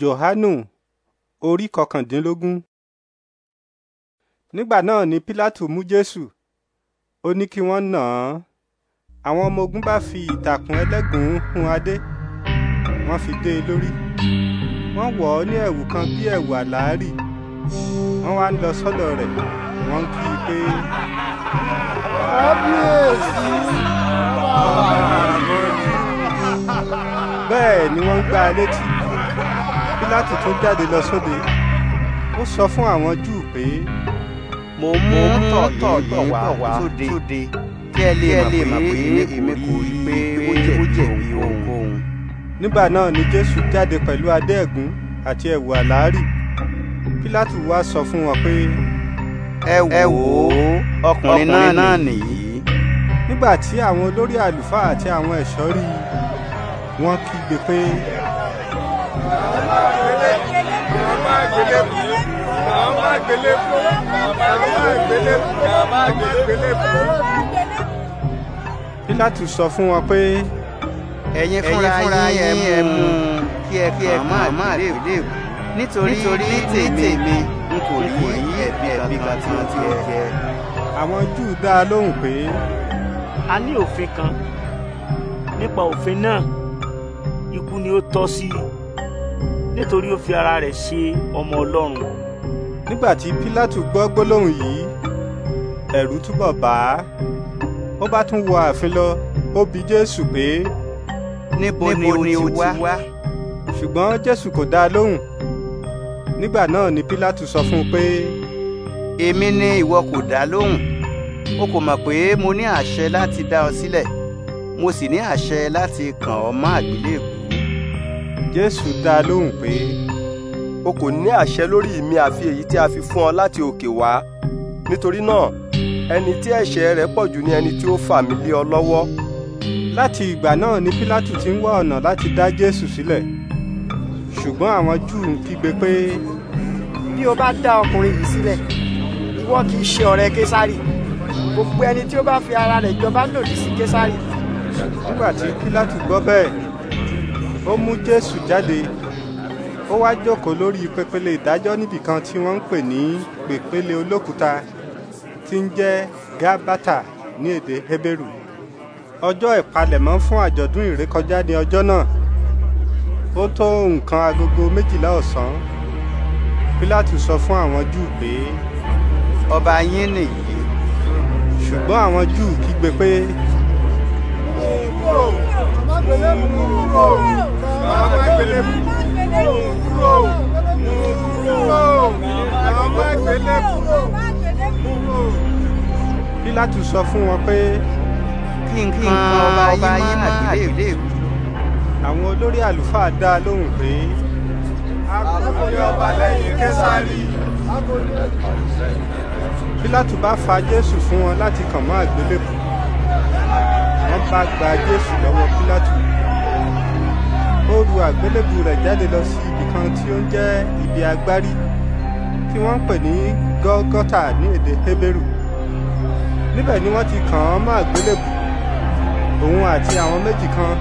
johanu orí kọkàndínlógún. nígbà náà ni pílátù mú jésù ó ní kí wọ́n nà án àwọn ọmọ ogun bá fi ìtàkùn ẹlẹ́gùn hun adé wọ́n fi dé e lórí wọ́n wọ̀ ọ́ ní ẹ̀wù kan bí ẹ̀wù àlàárì wọ́n wá ń lọ sọ́dọ̀ rẹ̀ wọ́n ń kí i pé. bẹ́ẹ̀ ni wọ́n ń gbá létí láti tún jáde lọ sóde ó sọ fún àwọn júù pé. mo mú tọ̀ yìí bọ̀ wá sóde kí ẹ lè mọ̀ pé èmi kò rí pé ó jẹ̀bi ohunkóhun. nígbà náà ni jésù jáde pẹ̀lú adé àti ẹ̀wù àlárì pílátù wá sọ fún wọn pé. ẹ wò ó ọkùnrin náà nìyí nígbà tí àwọn olórí àlùfáà àti àwọn ẹ̀ṣọ́ rí i wọ́n kígbe pé. Pílátù sọ fún wọn pé ẹ̀yin fúnra yín ẹ mú un kí ẹ kí ẹ kàn máa léwu léwu nítorí ní tèmi n kò rí ẹ̀bi kan tí wọ́n ti ẹ̀ jẹ. Àwọn Júù dá a lóhùn pé. A ní òfin kan nípa òfin náà ikú ni ó tọ́ sí nítorí ó fi ara rẹ̀ ṣe ọmọ Ọlọ́run. Nígbà tí Pílátù gbọ́ gbólóhùn yìí ẹ̀rù túbọ̀ bà á ó bá tún wọ ààfin lọ ó bi jésù pé níbo ni o ti wá ṣùgbọ́n jésù kò dá lóhùn nígbà náà ni pílátù sọ fún un pé. èmi ni ìwọ kò dá lóhùn o kò mọ̀ pé mo ní àṣẹ láti dá ọ sílẹ̀ mo sì ní àṣẹ láti kàn ọ́ mọ́ àgbélébù. jésù dá a lóhùn pé. o kò ní àṣẹ lórí mi àfi èyí tí a fi fún ọ láti òkè wá nítorí náà ẹni tí ẹ̀ṣẹ̀ rẹ̀ pọ̀ jù ni ẹni tí ó fà mí lé ọ lọ́wọ́. láti ìgbà náà ni pílátù ti ń wá ọ̀nà láti dá jésù sílẹ̀ ṣùgbọ́n àwọn júù ń kígbe pé. bí o bá dá ọkùnrin yìí sílẹ̀ ìwọ kì í ṣe ọ̀rẹ́ késárì gbogbo ẹni tí ó bá fi ara rẹ̀ jọba lòdì sí késárì. nígbà tí pílátù gbọ́ bẹ́ẹ̀ ó mú jésù jáde ó wá jókòó lórí pẹpẹlẹ ìdájọ́ níbìkan tí wọ́n ń pè ní pèpele olókùúta tí ń jẹ́ gábátà ní èdè hébérù ọjọ́ ìpalẹ̀mọ́ fún àjọ̀dún ìrékọjá ní ọjọ́ náà ó tó nǹkan agogo méjìlá ọ̀sán pílátù sọ fún àwọn júù pé ọba yín nìyí ṣùgbọ́n àwọn júù kígbe pé. kúrò kúrò kúrò kúrò kúrò. pílátù sọ fún wọn pé kí nǹkan ọba ayé má àgbélé ìlú. àwọn olórí àlùfáà dá a lóhùn pé. a kò lè ọba lẹ́yìn kẹsàrì. pílátù bá fa jésù fún wọn láti kàn mọ́ àgbélébù wọ́n bá gba jésù lọ́wọ́ pílátù ó ru àgbélébù rẹ̀ jáde lọ sí ibì kan tí ó ń jẹ́ ibi agbárí tí wọ́n ń pè ní gọ́gọ́tà ní èdè hébérù níbẹ̀ ni wọ́n ti kàn án mọ́ àgbélébù òun àti àwọn méjì kan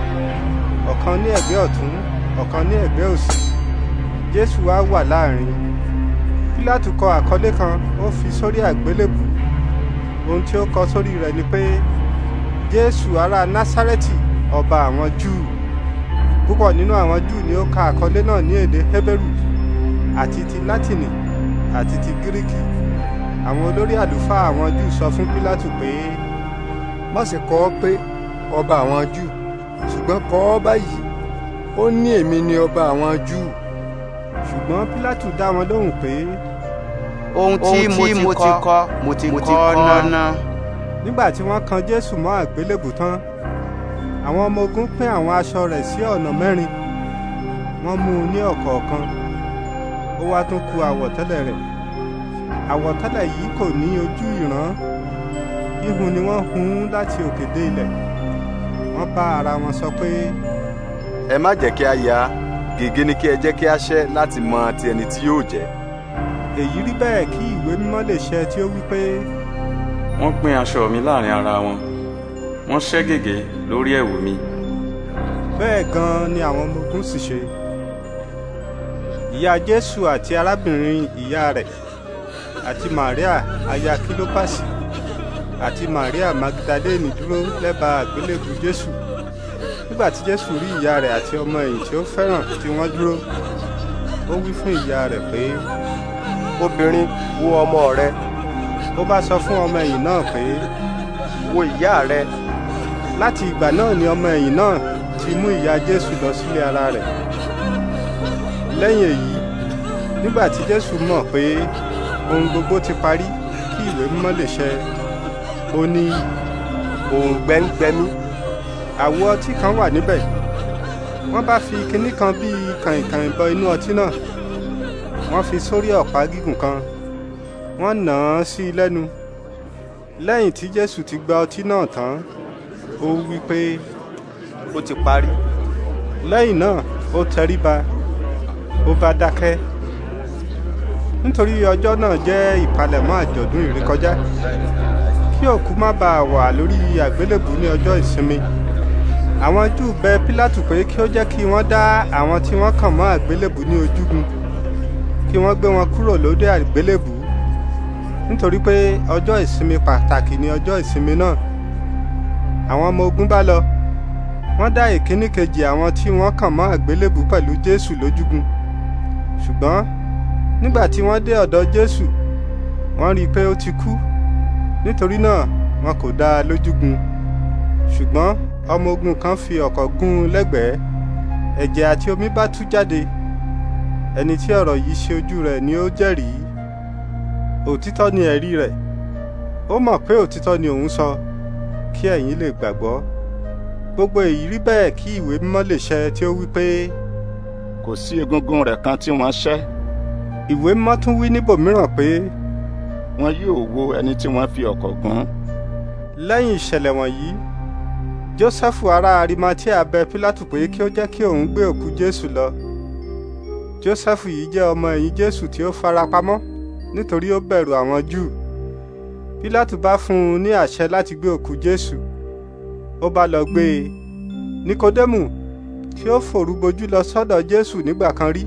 ọ̀kan ní ẹ̀gbẹ́ ọ̀tún ọ̀kan ní ẹ̀gbẹ́ òsì jésù wá wà láàrin pílátù kọ àkọlé kan ó fi sórí àgbélébù ohun tí ó kọ sórí rẹ̀ ni pé jésù ará násárẹ́tì ọba àwọn júù púpọ̀ nínú àwọn júù ni ó ka àkọlé náà ní èdè hébérù àti ti látìnì àti ti gíríkì àwọn olórí àlùfáà àwọn júù sọ fún pílátù pé má ṣe kọ ọ́ pé ọba àwọn júù ṣùgbọ́n kọ ọ́ báyìí ó ní èmi ni ọba àwọn júù ṣùgbọ́n pílátù dá wọn lóhùn pé. ohun tí mo ti kọ mo ti kọ náà. nígbà tí wọ́n kan jésù mọ́ àgbélébù tán àwọn ọmọ ogun pín àwọn aṣọ rẹ̀ sí ọ̀nà mẹ́rin wọ́n mú un ní ọ̀kọ̀ọ̀kan ó wá tún ku àwọ̀tẹ́lẹ̀ rẹ̀ àwọ̀tẹ́lẹ̀ yìí kò ní ojú ìran ihun ni wọ́n hun láti òkè dé ilẹ̀ wọ́n bá ara wọn sọ pé. ẹ má jẹ́ kí a ya gègé ni kí ẹ jẹ́ kí a ṣẹ́ láti mọ ti ẹni tí yóò jẹ́. èyí rí bẹ́ẹ̀ kí ìwé mímọ́ lè ṣẹ tí ó wí pé. wọ́n pín aṣọ mi láàrin ara wọn wọ́n ṣẹ́ gègé lórí ẹ̀wù mi. bẹ́ẹ̀ gan-an ni àwọn ọmọ ogun sì ṣe. ìyá jésù àti arábìnrin ìyá rẹ̀ àti Maria aya Kílópàsì àti Maria Magdalene dúró lẹ́bàá àgbélébù Jésù nígbà tí Jésù rí ìyá rẹ̀ àti ọmọ ẹ̀yìn tí ó fẹ́ràn tí wọ́n dúró ó wí fún ìyá rẹ̀ pé. obìnrin wo ọmọ rẹ. ó bá sọ fún ọmọ ẹ̀yìn náà pé. wo ìyá rẹ. láti ìgbà náà ni ọmọ ẹ̀yìn náà ti mú ìyá Jésù lọ sílé ara rẹ̀ lẹ́yìn èyí nígbà tí Jésù mọ̀ pé ohun gbogbo ti parí kí ìwé mímọ́ lè ṣẹ ó ní òun gbẹ́ngbẹ́mí àwo ọtí kan wà níbẹ̀ wọ́n bá fi kinní kan bíi kàìnkàìn bọ inú ọtí náà wọ́n fi sórí ọ̀pá gígùn kan wọ́n nà án sí i lẹ́nu lẹ́yìn tí jésù ti gba ọtí náà tán ó wí pé ó ti parí lẹ́yìn náà ó tẹríba ó bá dákẹ́ nítorí ọjọ́ náà jẹ́ ìpalẹ̀mọ́ àjọ̀dún ìrékọjá kí òkú má bàa wà lórí àgbélébù ní ọjọ́ ìsinmi àwọn júù bẹ pílátù pé kí ó jẹ́ kí wọ́n dá àwọn tí wọ́n kàn mọ́ àgbélébù ní ojúgun kí wọ́n gbé wọn kúrò lóde àgbélébù nítorí pé ọjọ́ ìsinmi pàtàkì ni ọjọ́ ìsinmi náà àwọn ọmọ ogun bá lọ wọ́n dá ìkíní kejì àwọn tí wọ́n kàn mọ́ àgbélébù pẹ̀lú jésù lójúgun ṣùgbọ́n nígbà tí wọ́n dé ọ̀dọ̀ Jésù wọ́n rí i pé ó ti kú nítorí náà wọn kò dá a lójúgun ṣùgbọ́n ọmọ ogun kan fi ọ̀kọ̀ gún un lẹ́gbẹ̀ẹ́ ẹ̀jẹ̀ àti omi bá tú jáde ẹni tí ọ̀rọ̀ yìí ṣe ojú rẹ̀ ni ó jẹ́rìí òtítọ́ ni ẹ̀rí rẹ̀ ó mọ̀ pé òtítọ́ ni òun sọ kí ẹ̀yin lè gbàgbọ́ gbogbo èyí rí bẹ́ẹ̀ kí ìwé mímọ́ lè ṣẹ tí ó wí pé. kò sí egungun rẹ̀ kan tí wọ́n ṣẹ́ ìwé mímọ́ tún wí níbòmíràn pé. wọn yóò wo ẹni tí wọ́n fi ọ̀kọ̀ gún. lẹ́yìn ìṣẹ̀lẹ̀ wọ̀nyí jósẹ́fù ará arimatia bẹ pílátù pé kí ó jẹ́ kí òun gbé òkú jésù lọ jósẹ́fù yìí jẹ́ ọmọ ẹ̀yìn jésù tí ó farapamọ́ nítorí ó bẹ̀rù àwọn júù pílátù bá fún un ní àṣẹ láti gbé òkú jésù ó bá lọ gbé e nikodemu tí ó fòrúgbojú lọ sọ́dọ̀ jésù nígbà kan rí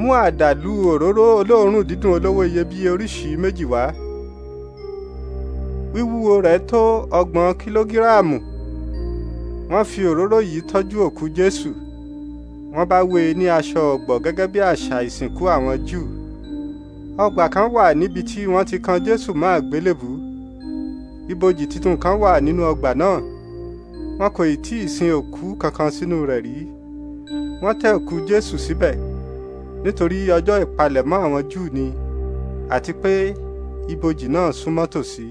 mú àdàlù òróró olóòórùn dídùn olówó iyebíye oríṣìí méjì wá wíwúwo rẹ̀ tó ọgbọ̀n kìlógíráàmù wọ́n fi òróró yìí tọ́jú òkú jésù wọ́n bá wé e ní aṣọ ọ̀gbọ̀ gẹ́gẹ́ bí àṣà ìsìnkú àwọn júù ọgbà kan wà níbi tí wọ́n ti kan jésù mọ́ àgbélébùú ibojì titun kan wà nínú ọgbà náà wọn kò ì tí ì sin òkú kankan sínú rẹ̀ rí wọ́n tẹ́ òkú jésù síbẹ̀ nítorí ọjọ́ ìpalẹ̀mọ́ àwọn Júù ni àti pé ibojì náà súnmọ́ tòsí.